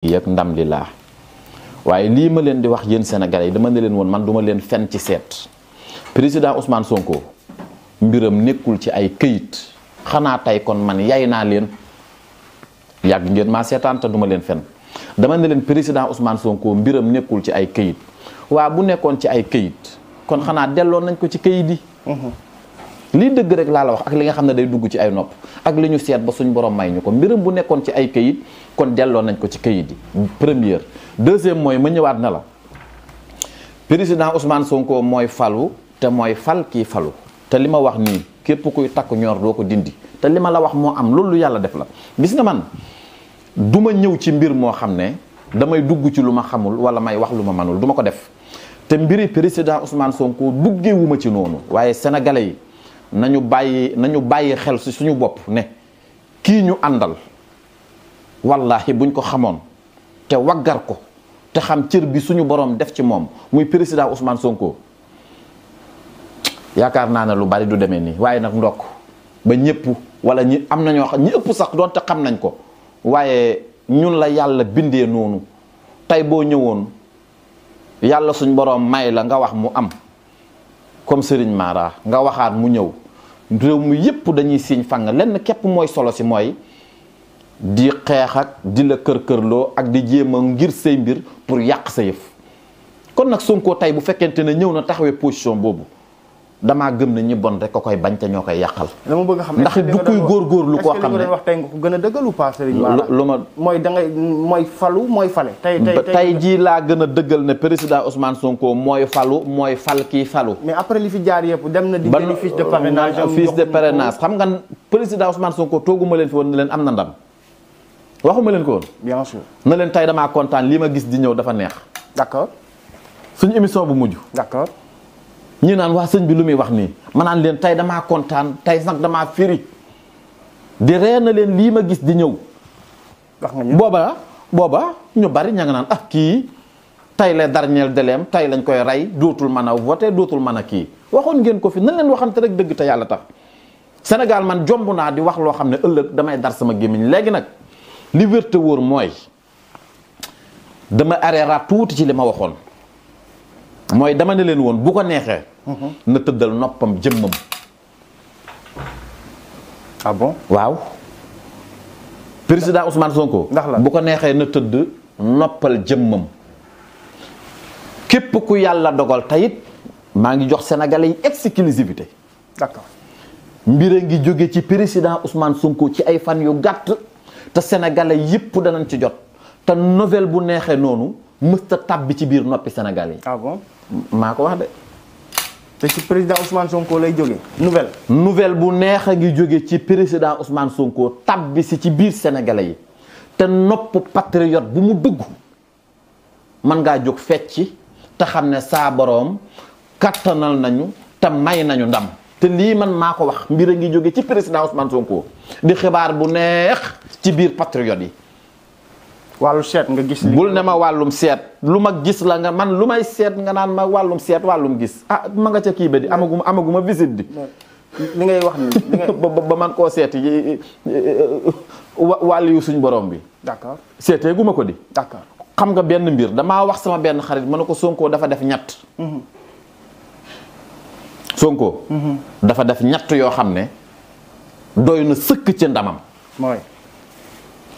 yëg ndam li laa waaye lii ma leen di wax yéen sénégalais yi dama ne leen woon man duma leen fen ci seet président Ousmane Sonko mbiram nekkul ci ay këyit xanaa tey kon man yay naa leen yàgg ngeen maa seetaan duma leen fen dama ne leen président Sonko mbiram nekkul ci ay këyit waa bu nekkoon ci ay këyit kon xanaa delloon nañ ko ci këyit yi mhm. lii dëgg rek laa la wax ak li nga xam ne day dugg ci ay nopp ak li ñu seet ba suñ borom may ñu ko mbiram bu nekkoon ci ay këyit kon delloo nañ ko ci kayit yi première deuxième mooy ma ñëwaat na la président Ousmane Sonko mooy falu te mooy fal kii falu te li ma wax nii képp kuy takk ñor doo ko dindi te li ma la wax moo am loolu yàlla def la gis nga man duma ñëw ci mbir moo xam ne damay dugg ci lu ma xamul wala may wax lu ma mënul duma ko def te mbiri président Ousmane Sonko duggewuma ci noonu waaye senegale yi nañu bàyyi nañu bàyyi xel si suñu bopp ne kii ñu àndal wallaahi buñ ko xamoon te waggar ko te xam cër bi suñu borom def ci moom muy président Ousmane Sonko yaakaar naa ne lu bari du demee nii waaye nag ndokk ba ñëpp wala ñi am na ñoo xam ñi ëpp sax doonte xam nañ ko waaye ñun la yàlla bindee noonu tey boo ñëwoon yàlla suñ borom may la nga wax mu am comme Serigne Mara nga waxaat mu ñëw réew mu yëpp dañuy siiñ fang lenn képp mooy solo si mooy. di xeexak di la kër kërloo ak di jéem a ngir say mbir pour yàq sa yëf kon nag Sonko tey bu fekkente ne ñëw na taxawee position boobu damaa gëm ne ñi bon rek ko koy bañ te ñoo koy yàqal. dama bëgg xam ndax du kuy góorgóorlu koo xam ne wax tey nga ko gën a dëggal ou pas Serigne ma mooy da ngay mooy falu mooy fale. tey tey tey jii laa gën a dëggal ne président Ousmane Sonko mooy falu mooy fal kii falu. mais après li fi jaar yëpp dem na. di fiche de parrainage fiche de parrainage xam nga président Ousmane Sonko toogu leen fi woon ne leen am na ndam. waxuma leen ko woon. na leen tey damaa kontaan lii ma gis di ñëw dafa neex. d' accord suñu émission bu mujj. d' accord naan waa sëñ bi lu muy wax nii manaan leen tey damaa kontaan tey sax damaa firi di ree na leen lii ma gis di ñëw. wax nga booba booba ñu bari ña nga naan ah kii tey la dernier délai tey lañ koy rey dootul mën a voté dootul mën a kii waxoon ngeen ko fi na leen waxante rek dëgg te yàlla tax Sénégal man jomb naa di wax loo xam ne ëllëg damay dar sama gémmiñ léegi nag. li wér mooy dama areeraat tuuti ci li ma waxoon mooy dama ne leen woon bu ko neexee. Mhm. na tëddal noppam jëmmam. ah waaw. président Ousmane Sonko. ndax la bu ko neexee na tëdd noppal jëmmam. képp ku yàlla dogal tayit maa ngi jox sénégalais yi exclusivité. d'accord mbir ngi jóge ci président Ousmane Sonko ci ay fan yu gàtt. te sénégalais yëpp danañ ci jot te nouvelle bu neexee noonu mësta tàbbi ci biir noppi sénégal yi. ah bon maa ko wax de. te ci président Ousmane Sonko lay jóge nouvelle. nouvelle bu neex a ngi jóge ci président Ousmane Sonko tàbbi ci biir sénégalais yi te nopp patriote bu mu dugg mën ngaa jóg fecc te xam ne saa boroom kattanal nañu te may nañu ndam. te lii man maa ko wax mbir a ngi jóge ci président Ousmane Sonko di xibaar bu neex ci biir patriote yi. wàllu seet nga gis. bul ne ma wàllum seet lu ma gis la nga man lu may seet nga naan ma wàllum seet wàllum gis ah ma nga ca kii ba di amaguma amaguma visite ngay wax ni man koo seet yi eh, eh, eh, wàllu yu suñ borom bi. d'accord seetee gu ma ko di. d'accord xam nga benn mbir damaa wax sama benn xarit ma ne ko Sonko dafa def ñett. Mhm. Sonko. Mhm. dafa def ñett yoo xam ne doy na sëkk ci ndamam. mooy.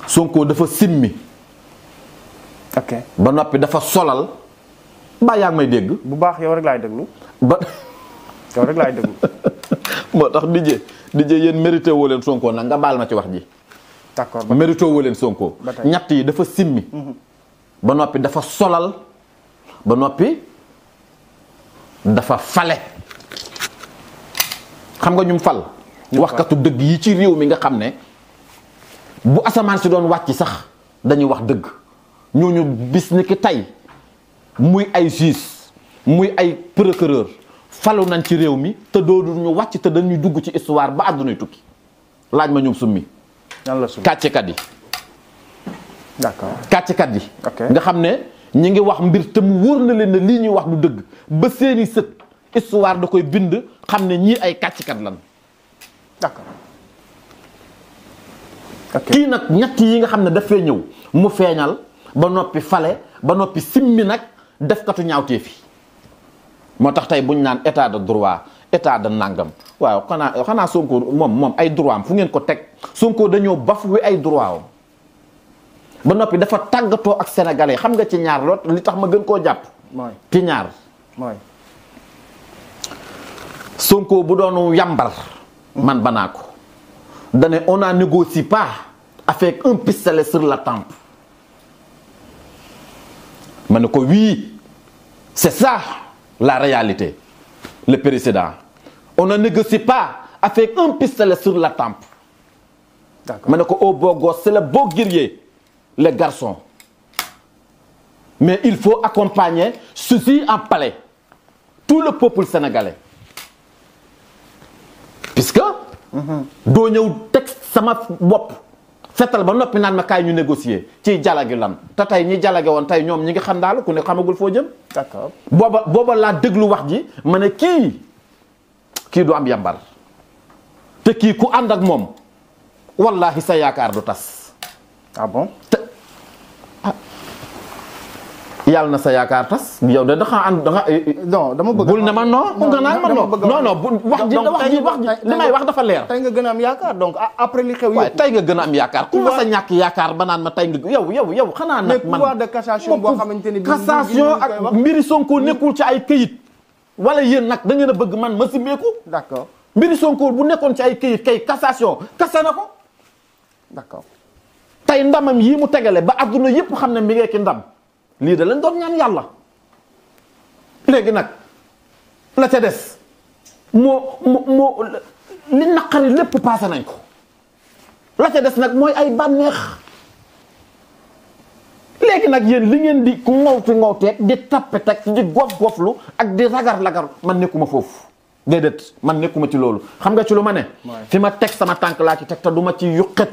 Sonko dafa simmi. ok ba noppi dafa solal. mbaa yaa ngi may dégg. bu baax yow laay déglu. ba yow rek laay déglu. tax DJ DJ yéen mérité Sonko nag baal ma ci wax ji. d'accord mérité woo leen Sonko. ñett yi dafa simmi. Mhm. ba noppi dafa solal. ba noppi dafa fale. xam nga ñum fal waxkatu dëgg yi ci réew mi nga xam ne bu asamaan si doon wàcc sax dañuy wax dëgg ñooñu bis ni ki tey muy ay juge muy ay procureur falu nañ ci réew mi te doodu ñu wàcc te dañuy dugg ci histoire ba àddunay tukki laaj ma ñoom summi kàccekat yi d'accord kàccekat yi nga xam ne ñi ngi wax mbir te mu wóor na leen ne lii ñuy wax du dëgg ba seeni sët histoire da koy bind xam ne ñii ay kàcckat lan d'accord kii nag ñett yi nga xam ne dafa ñëw mu feeñal ba noppi fale ba noppi simmi nag def katu ñaawtee fi moo tax tey buñ naan état de droit état de nangam waaw xanaa xanaa Sonko moom moom ay droit am fu ngeen ko teg Sonko dañoo bafoué ay droit am ba noppi dafa tàggatoo ak sénégalais xam nga ci ñaar lool tax ma gën koo jàpp. ci ñaar. Sonko bu doon yàmbar man banaa ko dane on ne négocie pas avec un pistolet sur la tempe ma ne ko oui c'est ça la réalité le président on ne négocie pas avec un pistolet sur la tempe ma ne ko au oh, beau gosse c'est le beau le garçon mais il faut accompagner ceci en palais tout le peuple sénégalais puisque doo ñëw teg sama bopp fetal ba noppi naan ma kaay ñu négocier ci jalage lan te tey ñi jalage woon tey ñoom ñi ngi xam daal ku ne xamagul foo jëm. d'accord booba booba laa déglu wax ji ma ne kii kii du am yambar te kii ku ànd ak moom wallaahi sa yaakaar du tas. ah yàlla na sa yaakaar tas yow de dafa ànd dafa. Eh, eh, non dama bëgg bul ne ma non. non dama bëgg non non wax ji wax ji wax ji li may wax dafa leer. tey nga gën a am yaakaar donc après li xew. yow tey nga gën a am yaakaar ku ma sa ñàkk yaakaar ba naan ma tey nga yow yow yow xanaa nag. man pouvoir de cassation boo xamante ni cassation ak mbiri Sonko nekkul ci ay këyit. wala yéen nag da ngeen a bëgg man ma simbeeku. d'accord mbiri Sonko bu nekkoon ci ay këyit kay cassation kase na ko. d'accord tey ndamam yii mu tegale ba adduna yëpp xam ne mi ngi ki ndam lii da lañ doon ñaan yàlla léegi nag la ca des moo moo moo li naqari lépp paase nañ ko la ca des nag mooy ay bànneex léegi nag yéen li ngeen di ngawti ngawteeg di tappet ak di gof goflu ak di ragar-lagar man nekkuma foofu déedéet man nekkuma ci loolu xam nga ci lu ma ne fi ma teg sama tànk laa ci teg ta du ma ci yuqet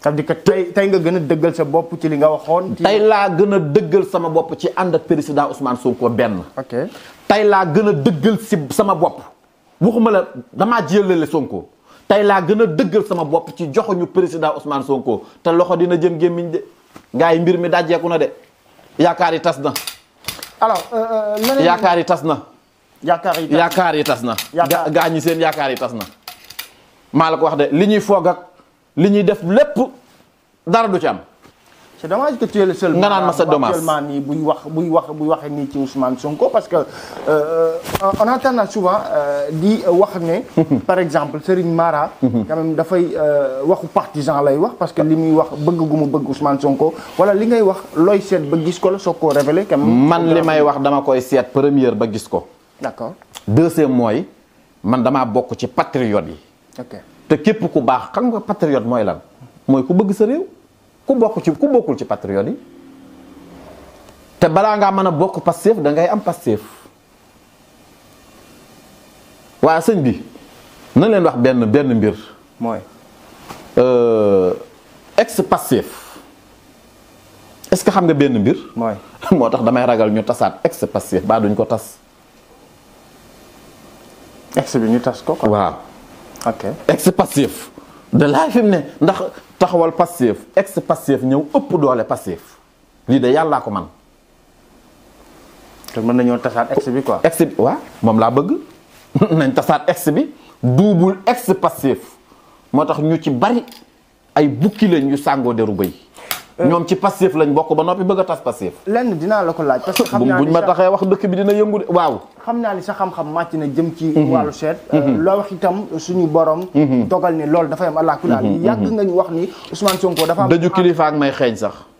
ça veut tey tey nga gën a dëggal sa bopp ci li nga waxoon. tey laa gën a dëggal sama bopp ci ànd ak président Ousmane Sonko benn. ok tey laa gën a dëggal si sama bopp. waxuma la damaa jëlale Sonko tey laa gën a dëggal sama bopp ci joxuñu président Ousmane Sonko te loxo dina jëm gémmiñ de gars mbir mi dajjeeku na de yaakaar yi tas na. alors euh, euh, leneen yaakaar yi tas na. yaakaar yaakaar yi tas na. gaa ñi seen yaakaar yi tas na. maa la ko wax de li ñuy foog li ñuy def lépp dara du ci am. c' est dommage que tu nga naan ma c' est dommage actuellement nii buy wax buy wax buy waxee nii ci Ousmane Sonko parce que euh, on entend na souvent euh, di wax ne. par exemple Serigne Mara. Mhm. quand même dafay euh, waxu partisan lay wax parce que li muy wax bëgg gu mu bëgg Ousmane Sonko wala li ngay wax looy seet ba gis ko la soog koo révélé. man li may wax dama koy seet première ba gis ko. d' accord deuxième mooy man damaa bokk ci patriote yi. te képp ku baax xam nga patriote mooy lan mooy ku bëgg sa réew ku bokk ci ku bokkul ci patriote yi te balaa ngaa mën a bokk Pastef da ngay am Pastef waa sëñ bi na leen wax benn benn mbir mooy euh, ex Pastef est-ce que xam nga benn mbir mooy moo tax damay ragal ñu tasaat ex Pastef baa duñ ko tas ex bi ñu tas ko waaw ok ex passif de laay fi ne ndax taxawal passif ex passif ñëw ëpp doole passif lii de yàllaa ko man te mën nañoo tasaat ex bi quoi. ex bi waaw moom laa bëgg nañ tasaat ex bi double ex passif moo tax ñu ci bari ay bukki lañ yu sàngoo deru bëy Euh, ñoom ci passif lañ bokk ba noppi bëgg a tas passif. lenn dinaa la ko laaj parce que xam naa ma taxee wax dëkk bi dina yëngu de waaw. xam naa ni sax xam-xam màcc na jëm ci mhm. wàllu seet. Mhm. Euh, loo wax itam suñu borom. Mhm. dogal ni loolu dafay am àllaakulaa. yàgg nga ñu wax ni Ousmane Sonko dafa am. daju kilifa ak may xeeñ sax.